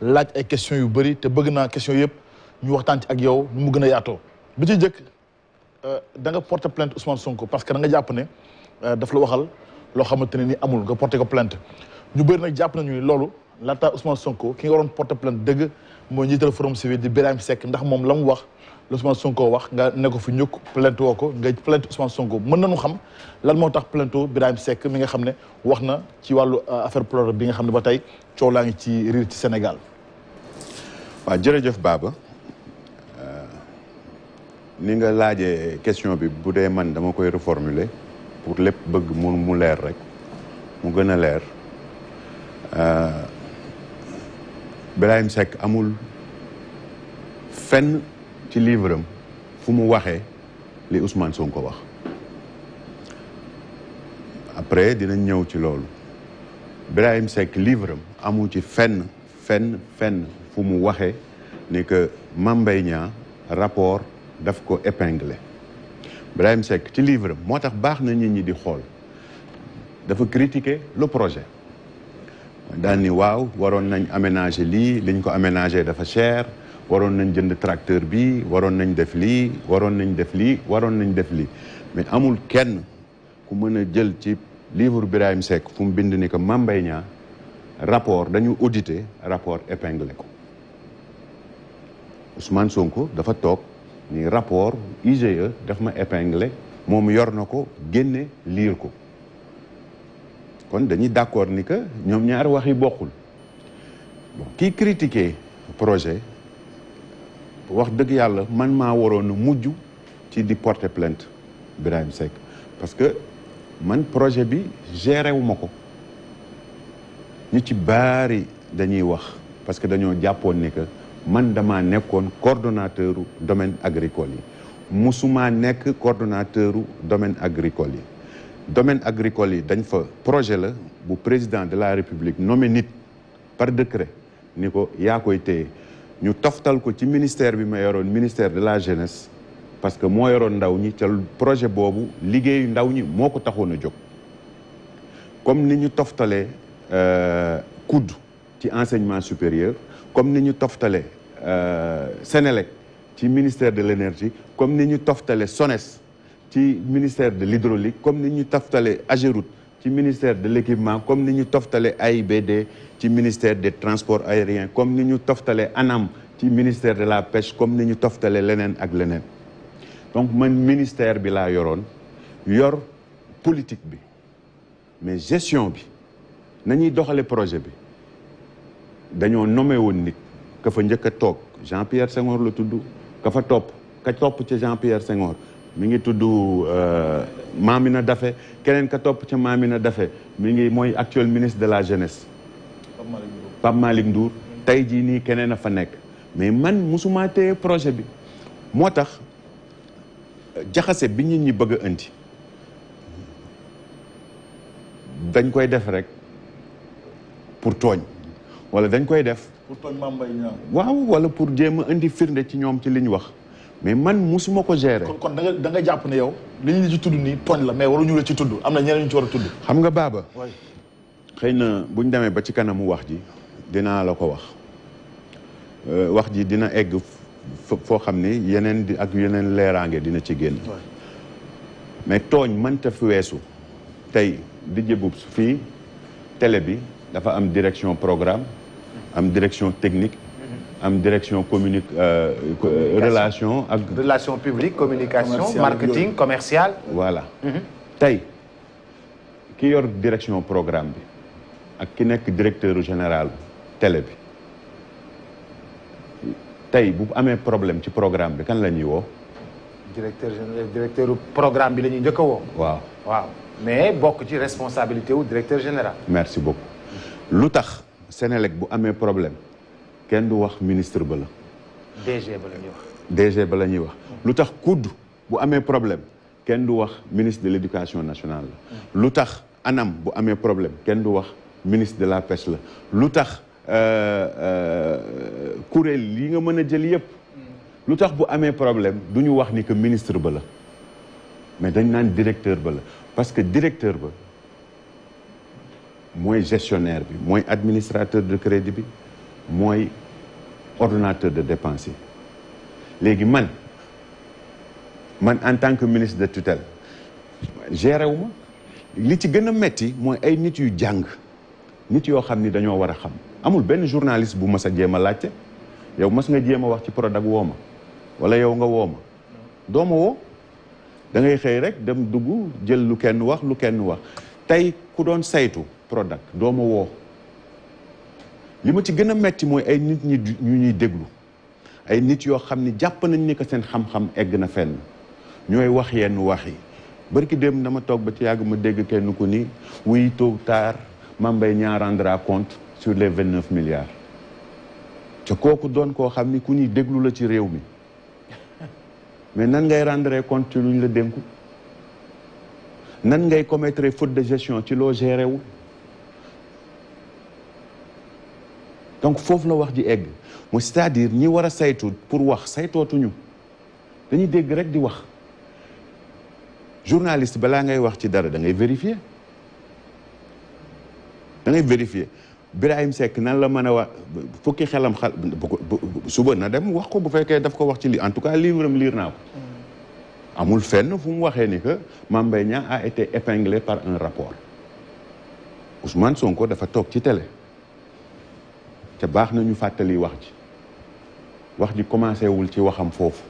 laaj ay questions yu bëri te bëgg naa question yëpp ñu waxtaan ci ak yow nu mu gën a yaatoo bi ci jëkk euh, da nga porter plainte Ousmane Sonko parce que da nga jàpp ne euh, daf la waxal loo xamante ne ni amul nga porte ko plainte ñu bëri nag jàpp nañu ni loolu laataa Ousmane Sonko ki nga waroon porter plainte dëgg mooy forom Forum Civil di Birahim Seck ndax moom la mu wax Ousmane Sonko wax nga ne ko fi ñukk plainte ko nga plainte Ousmane Sonko mën na nañu xam lan moo tax plainte Birahim sekk mi nga xam ne wax na ci wàllu euh, affaire Prodac bi nga xam ne ba tey coow laa ngi ci riir ci Sénégal. waaw jërëjëf Baba euh, ni nga laajee question bi bu dee man dama koy reformuler pour lépp bëgg mu mu leer rek mu gën a leer euh, Birahim Seck amul fenn. ci livre am fu mu waxee li Ousmane ko wax après dinañ ñëw ci loolu Birahim Seck livre am amul ci fenn fenn fenn fu mu waxee ni que Mame rapport daf ko épinglé Birahim Seck ci livre moo tax baax na nit ñi di xool dafa critiquer le projet daal ni waaw waroon nañ aménager lii liñ ko amenager dafa cher waroon nañ jënd tracteur bi waroon nañ def lii waroon nañ def lii waroon nañ def lii mais amul kenn ku mën a jël ci livre Birahim Seck fu mu bind ni que Mame Mbaye rapport dañu audité rapport épinglé ko Ousmane Sonko dafa toog ni rapport IGE daf ma épinglé moom yor na ko génne liir ko kon dañuy d'accord ni que ñoom ñaar waxi bokkul bon kii critiquer projet wax dëgg yàlla man maa waroon a mujj ci di porter plainte Birahim Seck parce que man projet bi géré wu ma ko ñu ci baari dañuy wax parce que dañoo jàppoon ni que man damaa nekkoon coordonnateur domaine agricole yi musumaa nekk coordonnateur domaine agricole yi domaine agricole yi dañ fa projet la bu président de la république nommé nit par décret ni ko yaa koy téye ñu toftal ko ci ministère bi ma yoroon ministère de la jeunesse parce que moo yoroon ndaw ñi ca projet boobu liggéeyu ndaw ñi moo ko taxoon a jóg comme ni ñu toftalee euh, COUD ci enseignement supérieur comme ni ñu toftalee euh, Sénélec ci ministère de l'énergie comme ni ñu toftale SONES ci ministère de l'hydraulique comme ni ñu toftale Ageroute ci ministère de l'équipement comme ni ñu toftale AIBD ci ministère des transports aériens comme ni ñu toftale ANAM ci ministère de la pêche comme ni ñu toftale leneen ak leneen donc man ministère bi laa yoroon yor politique bi mais gestion bi nañuy doxale projet bi dañoo nommé woon nit ka fa njëkk a toog Jean Pierre Senghor la tudd ka fa topp ka topp ci Jean Pierre Senghor mi ngi tudd euh, Mamina Dafe keneen ka topp ca Mamina Dafe mi ngi mooy actuel ministre de la jeunesse Pape Malick tey jii nii keneen a fa nekk mais man musuma téye projet bi moo tax jaxase bi nit ñi bëgg a dañ koy def rek pour tooñ wala dañ koy def pour tooñ waaw wala pour jéem a indi firnde ci ñoom ci li ñu wax mais man musuma ko gérer. kon kon jàpp ne yow li ñu ci tudd nii tooñ la mais waruñu la ci tudd am na ñeneen ñu ci war a tudd. xam nga baaba. xëy na buñ demee ba ci kanamu wax ji dinaa la ko wax euh, wax ji dina egg foo xam ni yeneen di ak yeneen leeraange dina ci génn. mais tooñ mënta fu weesu tey di jëbub fii télé bi dafa am direction programme am direction technique. am direction communique euh, euh, relation ak. relation publique communication. marketing commercial. voilà mhm. tey ki yor direction programme bi ak ki nekk directeur général télé bi tey bu amee problème ci programme bi kan la ñuy woo. directeur général directeur programme bi la ñuy njëkk a woo. waaw waaw mais bokk ci responsabilité wu directeur général. merci beaucoup lu tax Sénélec bu amee problème. kenn du wax ministre ba la. DG ba la ñuy wax. DG ba la ñuy wax lu tax kudd bu amee problème kenn du wax ministre de l' nationale la. lu tax anam bu amee problème kenn du wax ministre de la pêche la lu tax euh, euh, kuréel yi nga mën a jël yëpp. lu tax bu amee problème du ñu wax ni que ministre ba la mais dañ naan directeur ba la parce que directeur ba mooy gestionnaire bi mooy administrateur de crédit bi. mooy ordinateur de dépense yi léegi man man en tant que ministre de tutelle géré li ci gën a metti mooy ay nit yu jàng nit yoo xam ni dañoo war a xam amul benn journaliste bu mas a jéem a laajte yow mas nga jéem a wax ci Prodac woo ma wala yow nga woo ma woo da ngay xëy rek dem dugg jël lu kenn wax lu kenn wax tey ku doon saytu Prodac doo woo li ma ci gën a metti mooy ay nit ñi ñu ñuy déglu ay nit yoo xam ne jàpp nañ ni que seen xam-xam egg na fenn ñooy wax yenn wax yi barki dem dama toog ba ci yàgg ma dégg kenn ku ni wuy tôt ou tard Mame Mbaye Niang rendra compte sur les vingt neuf milliards te kooku doon koo xam ni ku ñuy déglu la ci réew mi mais nan ngay rendre compte ci lu ñu la dénku nan ngay commettre faute de gestion ci loo géré wu donc foofu la wax ji egg mooy c'est-à-dire ñi war a saytu pour wax saytootuñu dañuy dégg rek di wax journaliste balaa ngay wax ci dara da ngay vérifier da ngay vérifier Birahim sekk nan la mën a wax fukki xelam xal suba na dem wax ko bu fekkee daf ko wax ci lii en tout cas livre liir naa ko mm. amul fenn fu mu waxee ni que Mame Mbaye Niang a été épinglé par un rapport Ousmane Sonko dafa toog ci télé te baax na ñu fàttali wax ji wax ji commencé wul ci waxam foofu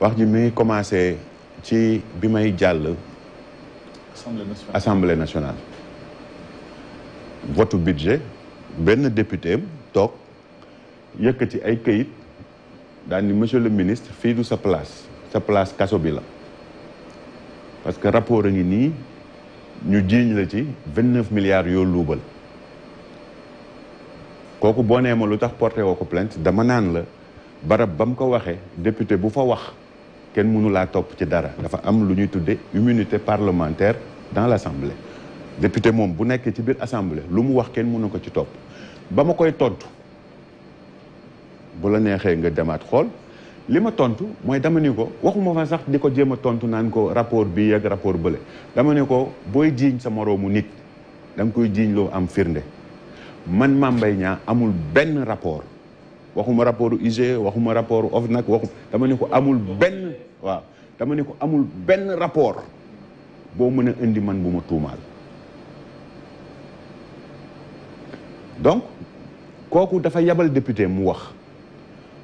wax ji mi ngi commencé ci bi may jàll. assemblée nationale assemblée nationale. votu budget benn député toog yëkkati ay kayit daal ni monsieur le ministre fii du sa place sa place kaso bi la parce que rapport a ngi nii ñu jiiñ la ci vingt neuf milliards yoo luubal. kooku boo nee ma lu tax porté woo ko plainte dama naan la barab ba mu ko waxee député bu fa wax kenn mënu topp ci dara dafa am lu ñuy tudde immunité parlementaire dans l'assemblée député moom bu nekkee ci biir assemblée lu mu wax kenn mënu ko ci topp ba ma koy tontu bu la neexee nga demaat xool li ma tontu mooy dama ni ko waxuma fa sax di ko jéem a tontu naan ko rapport bi ak rapport bële dama ni ko booy jiiñ sa moroomu nit da koy jiiñ loo am firnde man Mame Mbaye amul benn rapport waxuma rapport IGE waxuma rapport OFNAC waxu dama ne ko amul benn waaw dama ne ko amul benn rapport boo mën a indi man bu ma tuumaal donc kooku dafa yabal député mu wax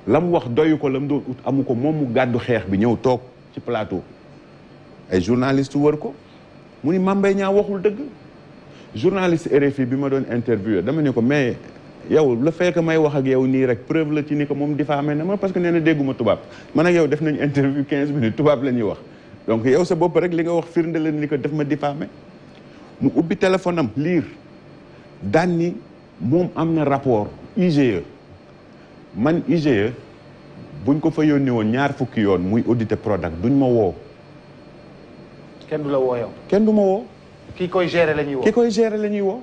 la mu wax doyu ko la doon ut amu ko moom mu gàddu xeex bi ñëw toog ci plateau ay journaliste wër ko mu ni Mame waxul dëgg journaliste RFI bi ma doon interviewé dama ne ko mais yow la fekk may wax ak yow nii rek preuve la ci ni ko moom diffamé na ma parce que nee na dégguma tubaab man ak yow def nañ interview 15 minutes tubaab la wax donc yow sa bopp rek li nga wax firnde la ni ko def ma diffamé mu ubbi téléphone am liir daan ni moom am na rapport IGE man IGE buñ ko fa yónnee woon ñaar fukki yoon muy audité Prodac duñ ma woo. kenn du la woo kenn du ma ki koy gérer la ñuy woo ki koy gérer la ñuy woo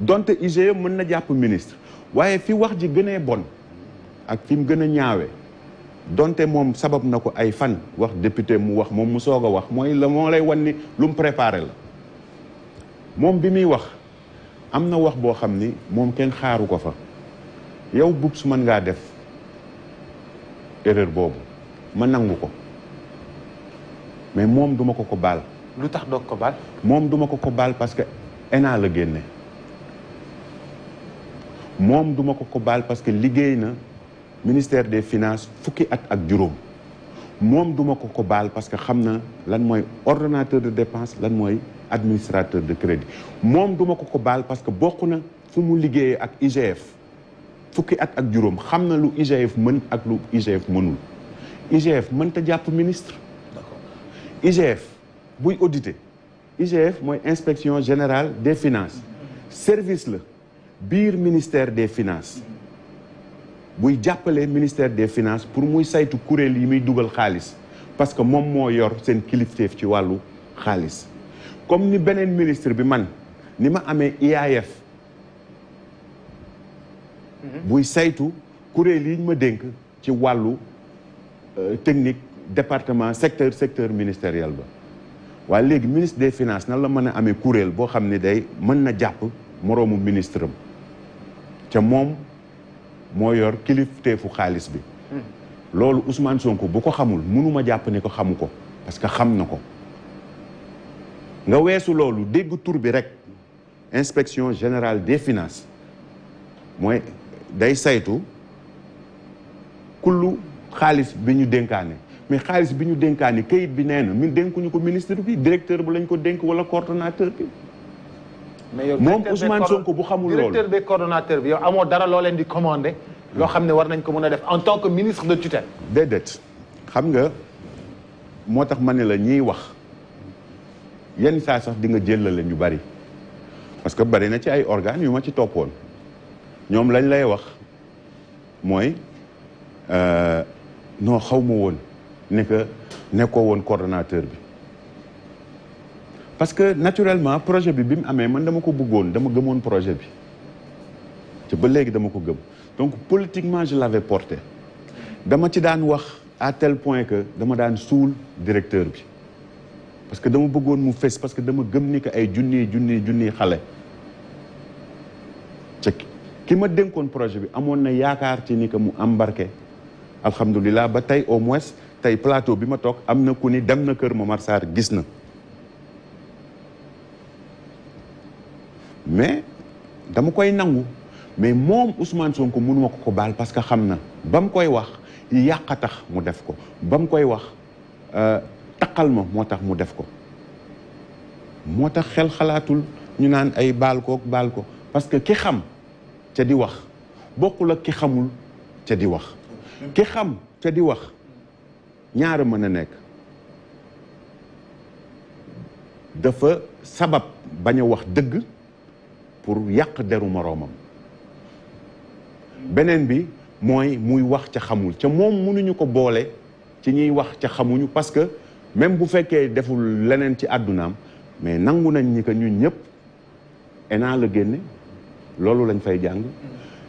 donte IGE mën na jàpp ministre waaye fi wax ji gënee bon ak fi mu gën a ñaawe donte moom sabab na ko ay fan wax député mu wax moom mu soog a wax mooy la moo lay wan ni lu mu préparé la moom bi muy wax am na wax boo xam ni moom kenn xaaru ko fa yow bub su mën ngaa def erreur boobu ma nangu ko mais moom duma ko ko baal. lu tax doog ko baal. moom duma ko ko baal parce que ENA la génne moom duma ko ko baal parce que liggéey na ministère des finances fukki at ak juróom moom duma ko ko baal parce que xam na lan mooy ordonnateur de dépense lan mooy administrateur de crédit moom duma ko ko baal parce que bokk na fu mu liggéeyee ak IGF fukki at ak juróom xam na lu IGF mën ak lu IGF mënul IGF mënta jàpp ministre. IGF buy audité IGF mooy inspection générale des finance service la biir ministère des finances buy jàppale ministère des finances pour muy saytu kuréel yi muy dugal xaalis parce que moom moo yor seen kilifteef ci wàllu xaalis comme ni beneen ministre bi man ni ma amee IAF mhm. buy saytu kuréel yi ñu ma dénk ci wàllu euh, technique département secteur secteur ministériel ba waaye léegi ministre des finances nan la mën a amee kuréel boo xam ne day mën na jàpp moroomu ministre am ca moom moo yor kilifteefu xaalis bi hmm. loolu Ousmane Sonko bu ko xamul mënuma jàpp ne ko xamu ko parce que xam na ko nga weesu loolu dégg tur bi rek inspection générale des finance mooy day saytu kullu xaalis bi ñu dénkaane mais xaalis bi ñu dénkaani kayit bi nee na mi dénkuñu ko ministre bi directeur bu lañ ko dénk wala coordonnateur bi. mais yow moom Ousmane Sonko bu xamul loolu directeur bi yow amoo dara loo leen di commandé. loo xam ne war nañ ko mën a def en tant que ministre de tutelle. déedéet xam nga moo tax ma ne la ñiy wax yenn saa sax di nga jëlale ñu bari parce que bari na ci ay organes yu ma ci toppoon ñoom lañ lay wax mooy euh, non xaw ma woon. ne que nekkoo woon coordonnateur bi parce que naturellement projet bi bi mu amee man dama ko bëggoon dama gëmoon projet bi te ba léegi dama ko gëm donc politiquement je l'avais porté dama ci daan wax à tel point que dama daan suul directeur bi parce que dama bëggoon mu fes parce que dama gëm ni que ay junni junni junni xale ca ki ma dénkoon projet bi amoon na yaakaar ci ni que mu embarqué alhamdulilah ba tey au moins tey plateau bi ma toog am na ku ni dem na kër Momar Sarr gis na mais dama koy nangu mais moom Ousmane Sonko mënuma ko ko baal parce que xam na ba mu koy wax yàq a tax mu def ko ba mu koy wax euh, taqal ma moo tax mu def ko moo tax xel xalaatul ñu naan ay baal kook baal ko parce que ki xam ca di wax bokkul ak ki xamul ca di wax ki xam ca di wax ñaare mën a nekk dafa sabab bañ a wax dëgg pour yàq deru moroomam beneen bi mooy muy wax ca xamul ca moom mënuñu ko boole ci ñuy wax ca xamuñu parce que même bu fekkee deful leneen ci àddunaam mais nangu nañ ñi ko ñun ñëpp ENA la génne loolu lañ fay jàng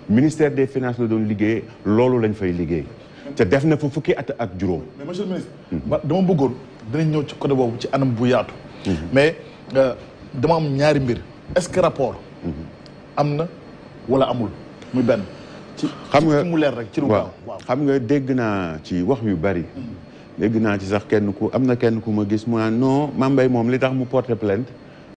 ministère des finances la doon liggéey loolu lañ fay liggéey te def na fa fukki at ak juróom. mais monsieur le ministre. dama bëggoon danañ ñëw ci côté boobu ci anam bu yaatu. Mhm. mais euh, dama am ñaari mbir est-ce que rapport. Mhm. am na wala amul muy benn. ci mu leer rek ci lu waaw xam nga dégg naa ci wax yu bari. Mhm. dégg naa ci sax kenn ku am na kenn ku ma gis mu naan non Mame Mbaye moom li tax mu porter plainte.